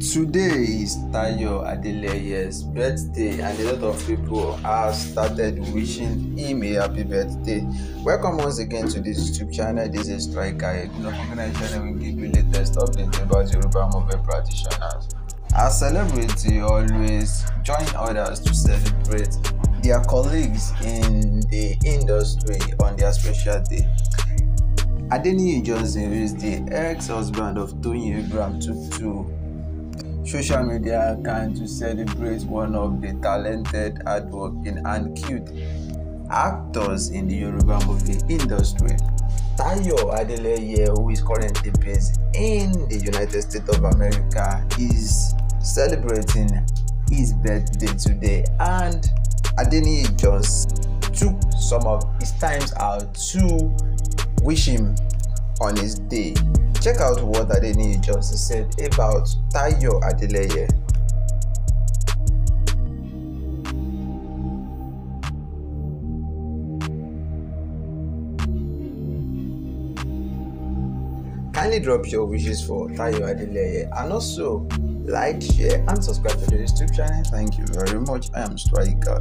Today is Tayo Adeleye's birthday and a lot of people have started wishing him a happy birthday. Welcome once again to this YouTube channel. This is Striker, a documentary channel will give you latest updates about Yoruba mobile practitioners. As celebrity always join others to celebrate their colleagues in the industry on their special day. Adeniyi Johnson is the ex-husband of Tony Abraham Tutu social media account to celebrate one of the talented, hardworking, and cute actors in the Yoruba movie industry. Tayo Adeleye, who is currently based in the United States of America, is celebrating his birthday today, and Adeniyi just took some of his times out to wish him on his day. Check out what Adeniyi Johnson said about Tayo Adeleye. Kindly drop your wishes for Tayo Adeleye and also like, share, and subscribe to the YouTube channel. Thank you very much. I am Striker